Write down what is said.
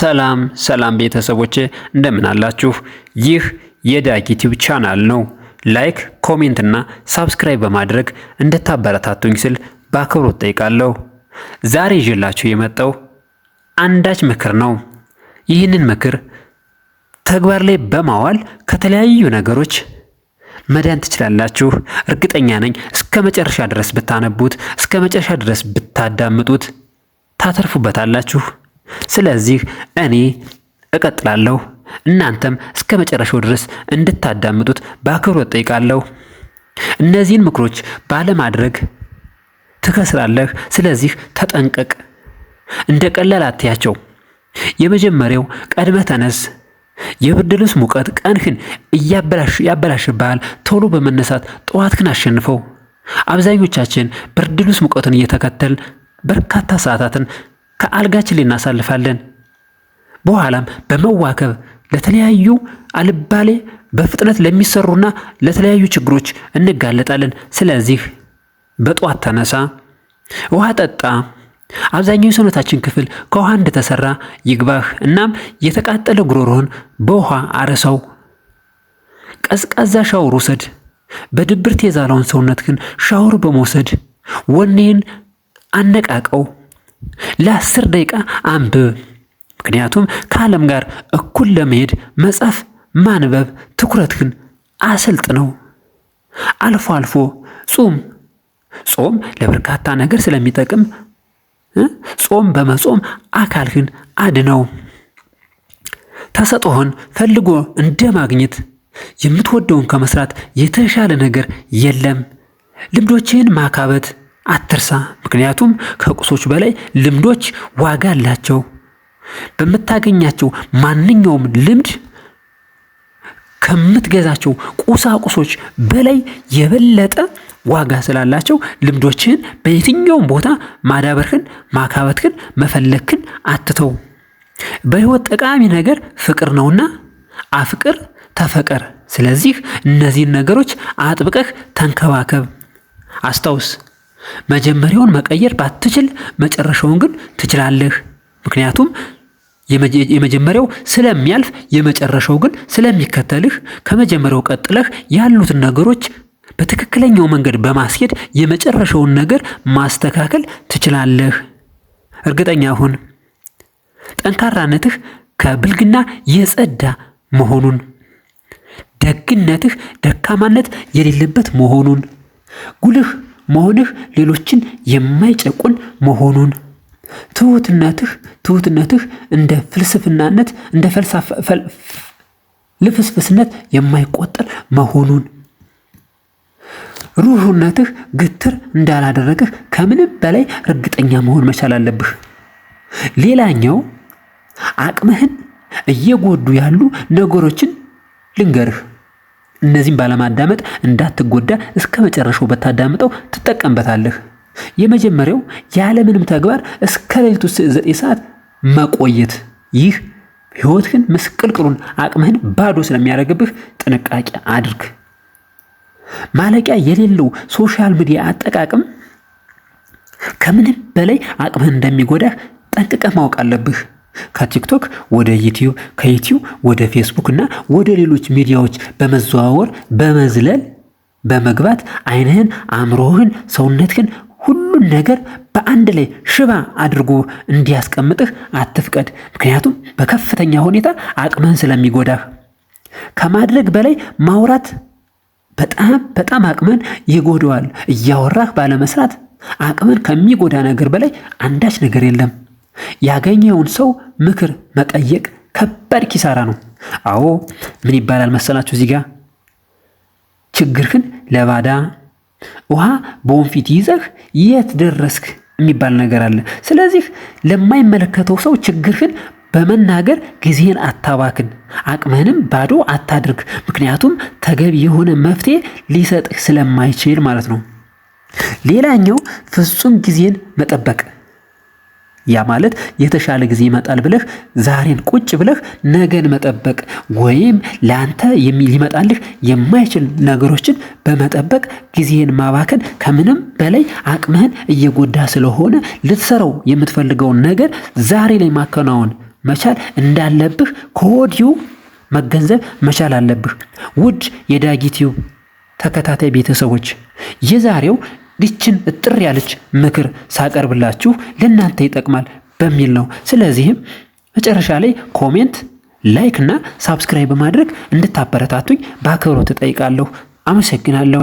ሰላም ሰላም ቤተሰቦቼ እንደምን አላችሁ? ይህ የዳጊ ዩቲዩብ ቻናል ነው። ላይክ፣ ኮሜንት እና ሳብስክራይብ በማድረግ እንድታበረታቱኝ ስል በአክብሮት ጠይቃለሁ። ዛሬ ይዤላችሁ የመጣው አንዳች ምክር ነው። ይህንን ምክር ተግባር ላይ በማዋል ከተለያዩ ነገሮች መዳን ትችላላችሁ። እርግጠኛ ነኝ እስከ መጨረሻ ድረስ ብታነቡት፣ እስከ መጨረሻ ድረስ ብታዳምጡት ታተርፉበታላችሁ። ስለዚህ እኔ እቀጥላለሁ። እናንተም እስከ መጨረሻው ድረስ እንድታዳምጡት በአክብሮት ጠይቃለሁ። እነዚህን ምክሮች ባለማድረግ ትከስራለህ። ስለዚህ ተጠንቀቅ። እንደ ቀላል አትያቸው። የመጀመሪያው ቀድመህ ተነስ። የብርድ ልብስ ሙቀት ቀንህን ያበላሽብሃል። ቶሎ በመነሳት ጠዋትህን አሸንፈው። አብዛኞቻችን ብርድ ልብስ ሙቀትን እየተከተል በርካታ ሰዓታትን ከአልጋችን ላይ እናሳልፋለን። በኋላም በመዋከብ ለተለያዩ አልባሌ በፍጥነት ለሚሰሩና ለተለያዩ ችግሮች እንጋለጣለን። ስለዚህ በጧት ተነሳ፣ ውሃ ጠጣ። አብዛኛው የሰውነታችን ክፍል ከውሃ እንደተሰራ ይግባህ። እናም የተቃጠለ ጉሮሮህን በውሃ አረሳው። ቀዝቃዛ ሻወር ውሰድ። በድብርት የዛለውን ሰውነትህን ሻወር በመውሰድ ወኔን አነቃቀው። ለአስር ደቂቃ አንብብ። ምክንያቱም ከዓለም ጋር እኩል ለመሄድ መጻፍ፣ ማንበብ ትኩረትህን አሰልጥ ነው። አልፎ አልፎ ጹም። ጾም ለበርካታ ነገር ስለሚጠቅም ጾም በመጾም አካልህን አድነው። ተሰጥኦህን ፈልጎ እንደ ማግኘት የምትወደውን ከመስራት የተሻለ ነገር የለም። ልምዶችህን ማካበት አትርሳ። ምክንያቱም ከቁሶች በላይ ልምዶች ዋጋ አላቸው። በምታገኛቸው ማንኛውም ልምድ ከምትገዛቸው ቁሳቁሶች በላይ የበለጠ ዋጋ ስላላቸው ልምዶችህን በየትኛውም ቦታ ማዳበርህን፣ ማካበትህን፣ መፈለግህን አትተው። በሕይወት ጠቃሚ ነገር ፍቅር ነውና አፍቅር፣ ተፈቀር። ስለዚህ እነዚህን ነገሮች አጥብቀህ ተንከባከብ። አስታውስ መጀመሪያውን መቀየር ባትችል መጨረሻውን ግን ትችላለህ። ምክንያቱም የመጀመሪያው ስለሚያልፍ የመጨረሻው ግን ስለሚከተልህ ከመጀመሪያው ቀጥለህ ያሉትን ነገሮች በትክክለኛው መንገድ በማስኬድ የመጨረሻውን ነገር ማስተካከል ትችላለህ። እርግጠኛ ሁን ጠንካራነትህ ከብልግና የጸዳ መሆኑን፣ ደግነትህ ደካማነት የሌለበት መሆኑን ጉልህ መሆንህ ሌሎችን የማይጨቁን መሆኑን ትሁትነትህ ትሁትነትህ እንደ ፍልስፍናነት እንደ ልፍስፍስነት የማይቆጠር መሆኑን ሩህነትህ ግትር እንዳላደረግህ ከምንም በላይ እርግጠኛ መሆን መቻል አለብህ። ሌላኛው አቅምህን እየጎዱ ያሉ ነገሮችን ልንገርህ። እነዚህም ባለማዳመጥ እንዳትጎዳ እስከ መጨረሻው በታዳምጠው ትጠቀምበታለህ። የመጀመሪያው ያለምንም ተግባር እስከ ሌሊቱ ዘጠኝ ሰዓት መቆየት። ይህ ህይወትህን ምስቅልቅሉን አቅምህን ባዶ ስለሚያደርግብህ ጥንቃቄ አድርግ። ማለቂያ የሌለው ሶሻል ሚዲያ አጠቃቅም ከምንም በላይ አቅምህን እንደሚጎዳህ ጠንቅቀህ ማወቅ አለብህ። ከቲክቶክ ወደ ዩቲዩብ ከዩቲዩብ ወደ ፌስቡክ እና ወደ ሌሎች ሚዲያዎች በመዘዋወር በመዝለል በመግባት ዓይንህን፣ አእምሮህን፣ ሰውነትህን ሁሉን ነገር በአንድ ላይ ሽባ አድርጎ እንዲያስቀምጥህ አትፍቀድ። ምክንያቱም በከፍተኛ ሁኔታ አቅምህን ስለሚጎዳህ ከማድረግ በላይ ማውራት በጣም በጣም አቅመን ይጎደዋል። እያወራህ ባለመስራት አቅመን ከሚጎዳ ነገር በላይ አንዳች ነገር የለም። ያገኘውን ሰው ምክር መጠየቅ ከባድ ኪሳራ ነው። አዎ ምን ይባላል መሰላችሁ እዚህ ጋር ችግርህን ለባዳ ውሃ በወንፊት ይዘህ የት ደረስክ የሚባል ነገር አለ። ስለዚህ ለማይመለከተው ሰው ችግርህን በመናገር ጊዜን አታባክን፣ አቅምህንም ባዶ አታድርግ። ምክንያቱም ተገቢ የሆነ መፍትሄ ሊሰጥህ ስለማይችል ማለት ነው። ሌላኛው ፍጹም ጊዜን መጠበቅ ያ ማለት የተሻለ ጊዜ ይመጣል ብለህ ዛሬን ቁጭ ብለህ ነገን መጠበቅ ወይም ለአንተ ሊመጣልህ የማይችል ነገሮችን በመጠበቅ ጊዜን ማባከን ከምንም በላይ አቅምህን እየጎዳ ስለሆነ ልትሰራው የምትፈልገውን ነገር ዛሬ ላይ ማከናወን መቻል እንዳለብህ ከወዲሁ መገንዘብ መቻል አለብህ። ውድ የዳጊቲው ተከታታይ ቤተሰቦች የዛሬው ይችን እጥር ያለች ምክር ሳቀርብላችሁ ለእናንተ ይጠቅማል በሚል ነው። ስለዚህም መጨረሻ ላይ ኮሜንት፣ ላይክ እና ሳብስክራይብ በማድረግ እንድታበረታቱኝ በአክብሮት እጠይቃለሁ። አመሰግናለሁ።